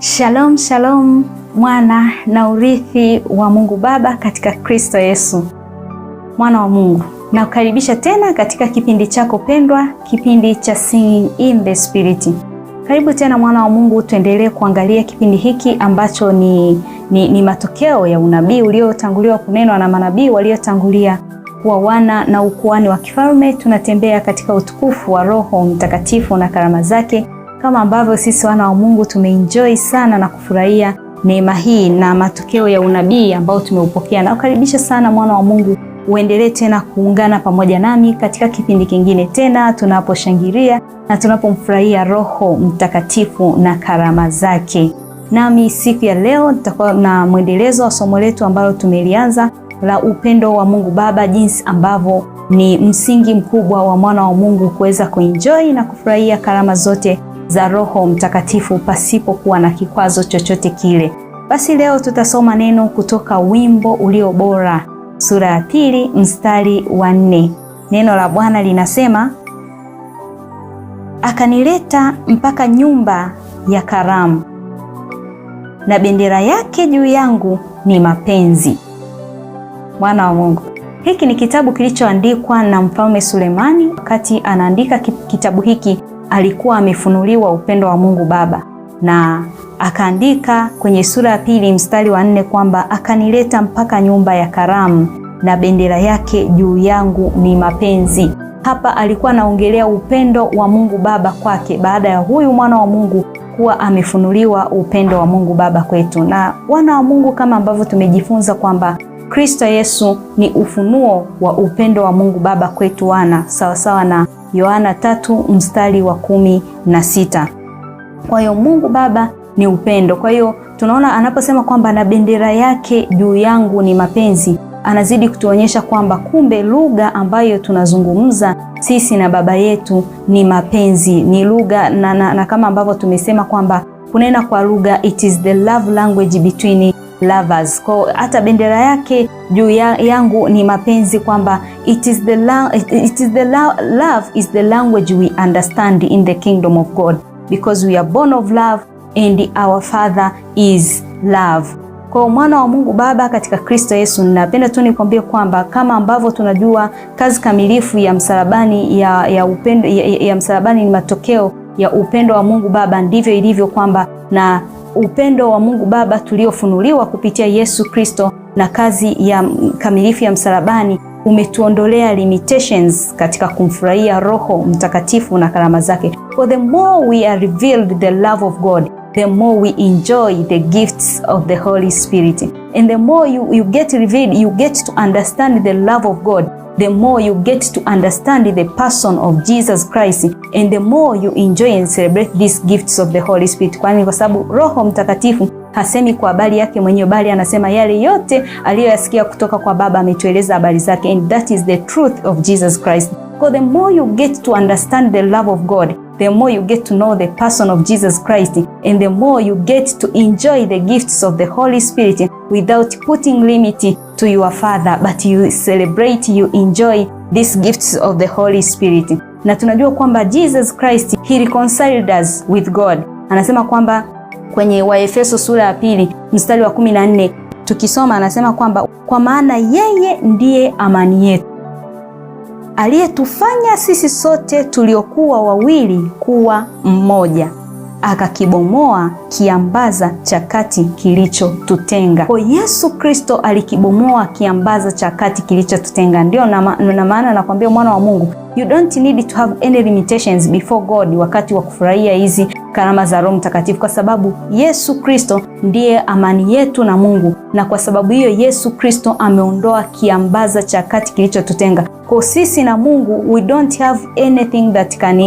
Shalom, shalom mwana na urithi wa Mungu Baba katika Kristo Yesu. Mwana wa Mungu, nakukaribisha tena katika kipindi chako pendwa, kipindi cha Singing in the Spirit. Karibu tena mwana wa Mungu, tuendelee kuangalia kipindi hiki ambacho ni, ni, ni matokeo ya unabii uliotanguliwa kunenwa na manabii waliotangulia kuwa wana na ukuani wa kifalme. Tunatembea katika utukufu wa Roho Mtakatifu na karama zake kama ambavyo sisi wana wa Mungu tumeenjoy sana na kufurahia neema hii na matokeo ya unabii ambao tumeupokea. Nakukaribisha sana mwana wa Mungu, uendelee tena kuungana pamoja nami katika kipindi kingine tena tunaposhangilia na tunapomfurahia Roho Mtakatifu na karama zake. Nami siku ya leo nitakuwa na mwendelezo wa somo letu ambalo tumelianza la upendo wa Mungu Baba, jinsi ambavyo ni msingi mkubwa wa mwana wa Mungu kuweza kuenjoy na kufurahia karama zote za Roho Mtakatifu pasipo kuwa na kikwazo chochote kile. Basi leo tutasoma neno kutoka wimbo ulio bora sura ya pili mstari wa nne. Neno la Bwana linasema akanileta mpaka nyumba ya karamu, na bendera yake juu yangu ni mapenzi. Mwana wa Mungu, hiki ni kitabu kilichoandikwa na Mfalme Sulemani. Wakati anaandika kitabu hiki, alikuwa amefunuliwa upendo wa Mungu Baba na akaandika kwenye sura ya pili mstari wa nne kwamba akanileta mpaka nyumba ya karamu na bendera yake juu yangu ni mapenzi. Hapa alikuwa anaongelea upendo wa Mungu Baba kwake baada ya huyu mwana wa Mungu kuwa amefunuliwa upendo wa Mungu Baba kwetu. Na wana wa Mungu, kama ambavyo tumejifunza kwamba Kristo Yesu ni ufunuo wa upendo wa Mungu Baba kwetu wana, sawasawa na Yohana tatu mstari wa kumi na sita. Kwa hiyo Mungu Baba ni upendo. Kwa hiyo tunaona anaposema kwamba na bendera yake juu yangu ni mapenzi, anazidi kutuonyesha kwamba kumbe lugha ambayo tunazungumza sisi na Baba yetu ni mapenzi, ni lugha na, na, na kama ambavyo tumesema kwamba kunena kwa lugha, it is the love language between lovers. Kwa hata bendera yake juu ya, yangu ni mapenzi kwamba it is the love, it is the love, love is the language we understand in the kingdom of God because we are born of love and our father is love. Kwa mwana wa Mungu Baba katika Kristo Yesu, ninapenda tu nikwambie kwamba kama ambavyo tunajua kazi kamilifu ya msalabani ya, ya upendo ya, ya msalabani ni matokeo ya upendo wa Mungu Baba, ndivyo ilivyo kwamba na upendo wa Mungu Baba tuliofunuliwa kupitia Yesu Kristo na kazi ya kamilifu ya msalabani umetuondolea limitations katika kumfurahia Roho Mtakatifu na karama zake. For the more we are revealed the love of God, the more we enjoy the gifts of the Holy Spirit and the more you, you get revealed you get to understand the love of God the more you get to understand the person of Jesus Christ and the more you enjoy and celebrate these gifts of the Holy Spirit, kwani kwa sababu Roho Mtakatifu hasemi kwa habari yake mwenyewe, bali anasema yale yote aliyoyasikia kutoka kwa Baba ametueleza habari zake, and that is the truth of Jesus Christ. Because the more you get to understand the love of God, the more you get to know the person of Jesus Christ, and the more you get to enjoy the gifts of the Holy Spirit without putting limit to your Father, but you celebrate, you enjoy these gifts of the Holy Spirit. Na tunajua kwamba Jesus Christ he reconciled us with God. Anasema kwamba kwenye Waefeso sura ya pili mstari wa 14 tukisoma, anasema kwamba kwa maana yeye ndiye amani yetu aliyetufanya sisi sote tuliokuwa wawili kuwa mmoja, akakibomoa kiambaza cha kati kilichotutenga. Kwa Yesu Kristo alikibomoa kiambaza cha kati kilichotutenga. Ndio na maana nakwambia mwana wa Mungu, you don't need to have any limitations before God, wakati wa kufurahia hizi karama za Roho Mtakatifu, kwa sababu Yesu Kristo ndiye amani yetu na Mungu, na kwa sababu hiyo Yesu Kristo ameondoa kiambaza cha kati kilichotutenga. Kwa sisi na Mungu we don't have anything that can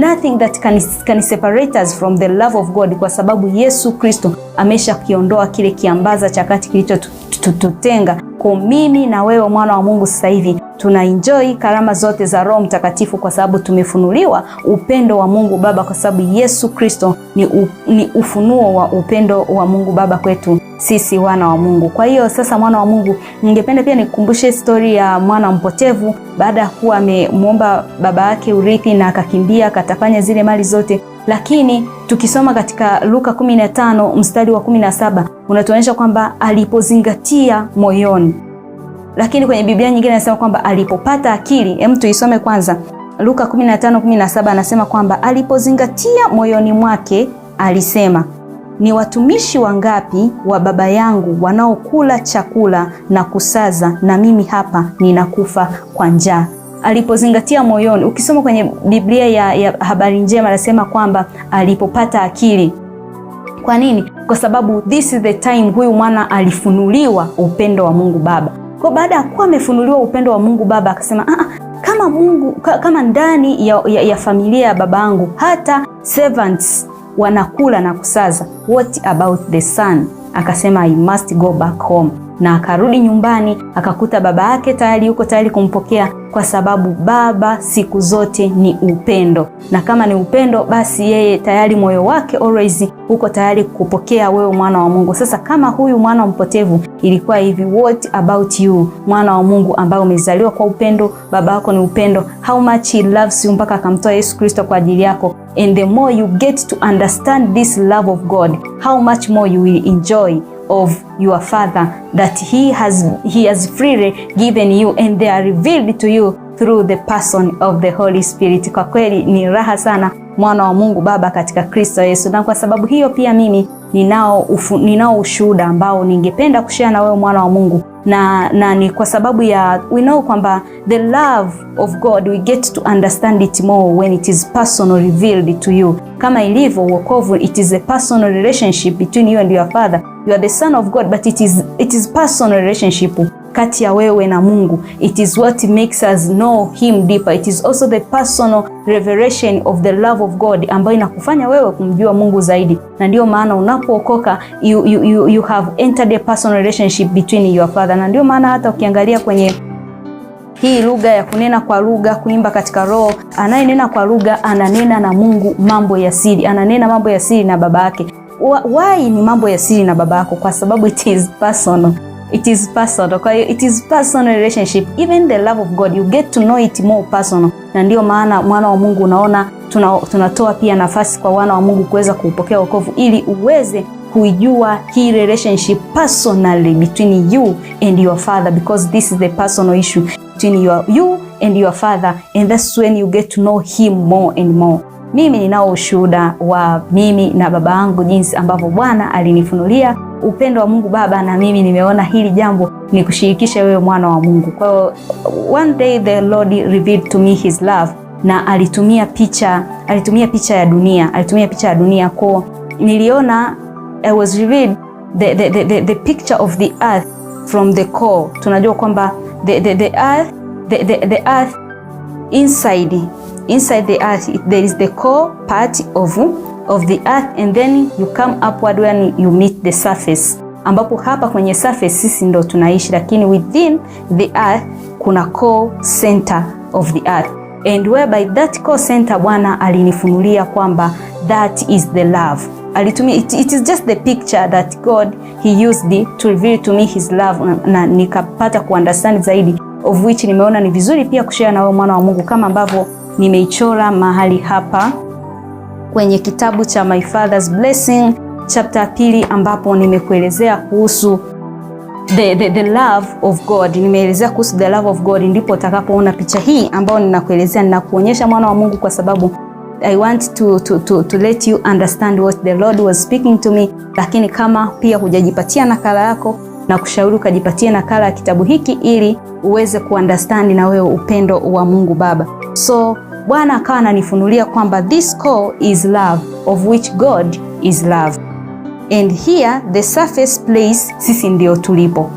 nothing that can, can separate us from the love of God, kwa sababu Yesu Kristo amesha kiondoa kile kiambaza cha kati kilichotutenga kwako mimi na wewe mwana wa Mungu sasa hivi tuna enjoy karama zote za Roho Mtakatifu kwa sababu tumefunuliwa upendo wa Mungu Baba kwa sababu Yesu Kristo ni, u, ni ufunuo wa upendo wa Mungu Baba kwetu sisi wana wa Mungu. Kwa hiyo sasa, mwana wa Mungu, ningependa pia nikukumbushe stori ya mwana mpotevu. Baada ya kuwa amemwomba baba yake urithi na akakimbia akatafanya zile mali zote lakini tukisoma katika Luka 15 mstari wa 17 unatuonyesha kwamba alipozingatia moyoni, lakini kwenye Biblia nyingine anasema kwamba alipopata akili. Hem, tuisome kwanza Luka 15:17 anasema kwamba alipozingatia moyoni mwake alisema, ni watumishi wangapi wa Baba yangu wanaokula chakula na kusaza, na mimi hapa ninakufa kwa njaa alipozingatia moyoni. Ukisoma kwenye Biblia ya, ya habari njema anasema kwamba alipopata akili. Kwa nini? Kwa sababu this is the time huyu mwana alifunuliwa upendo wa Mungu Baba. Kwa baada ya kuwa amefunuliwa upendo wa Mungu Baba akasema ah, ah kama Mungu kama ndani ya, ya, ya familia ya baba yangu hata servants wanakula na kusaza, what about the son? akasema I must go back home, na akarudi nyumbani akakuta baba yake tayari yuko tayari kumpokea, kwa sababu baba siku zote ni upendo, na kama ni upendo, basi yeye tayari moyo wake always uko tayari kupokea wewe mwana wa Mungu. Sasa kama huyu mwana mpotevu ilikuwa hivi, what about you, mwana wa Mungu ambaye umezaliwa kwa upendo, baba yako ni upendo, how much he loves you, mpaka akamtoa Yesu Kristo kwa ajili yako. And the more you get to understand this love of God, how much more you will enjoy of your father that he has he has freely given you and they are revealed to you through the person of the Holy Spirit. Kwa kweli ni raha sana mwana wa Mungu Baba katika Kristo Yesu, na kwa sababu hiyo pia mimi ninao, ufu, ninao ushuhuda ambao ningependa kushare na wewe mwana wa Mungu na, na ni kwa sababu ya we know kwamba the love of God we get to understand it more when it is personal revealed to you. Kama ilivyo wokovu, it is a personal relationship between you and your father. You are the son of God but it is, it is personal relationship kati ya wewe na Mungu. It is what makes us know him deeper. It is also the personal revelation of the love of God ambayo inakufanya wewe kumjua Mungu zaidi, na ndio maana unapookoka you, you, you, you have entered a personal relationship between your father, na ndio maana hata ukiangalia kwenye hii lugha ya kunena kwa lugha, kuimba katika roho. Anayenena kwa lugha ananena na Mungu mambo ya siri, ananena mambo ya siri na baba yake. Why ni mambo ya siri na baba yako? Kwa sababu it is personal it is personal. Kwa hiyo it is personal relationship, even the love of God you get to know it more personal, na ndio maana mwana wa Mungu unaona tuna, tunatoa pia nafasi kwa wana wa Mungu kuweza kuupokea wokovu ili uweze kuijua hii relationship personally between you and your father because this is the personal issue between your, you and your father and that's when you get to know him more and more. Mimi ninao ushuhuda wa mimi na baba yangu jinsi ambavyo Bwana alinifunulia upendo wa Mungu Baba na mimi nimeona hili jambo ni kushirikisha wewe mwana wa Mungu. Kwa hiyo one day the Lord revealed to me his love, na alitumia picha, alitumia picha ya dunia, alitumia picha ya dunia ko niliona I was revealed the, the, the, the, the picture of the earth from the core. Tunajua kwamba the, the, the earth, the, the, the earth inside, inside the earth there is the core part of of the earth and then you come upward when you meet the surface, ambapo hapa kwenye surface sisi ndo tunaishi, lakini within the earth kuna core center of the earth and whereby that core center Bwana alinifunulia kwamba that is the love alitumia it, it is just the picture that God he used to reveal to me his love na, na nikapata kuunderstand zaidi of which nimeona ni vizuri pia kushare na wewe mwana wa Mungu kama ambavyo nimeichora mahali hapa kwenye kitabu cha My Father's Blessing chapter ya pili, ambapo nimekuelezea kuhusu the, the, the love of God, nimeelezea kuhusu the love of God, ndipo utakapoona picha hii ambayo ninakuelezea, ninakuonyesha mwana wa Mungu, kwa sababu I want to, to, to, to let you understand what the Lord was speaking to me. Lakini kama pia hujajipatia nakala yako na kushauri ukajipatie nakala ya kitabu hiki ili uweze kuunderstand na wewe upendo wa Mungu Baba so Bwana akawa ananifunulia kwamba this call is love of which God is love and here the surface place sisi ndio tulipo.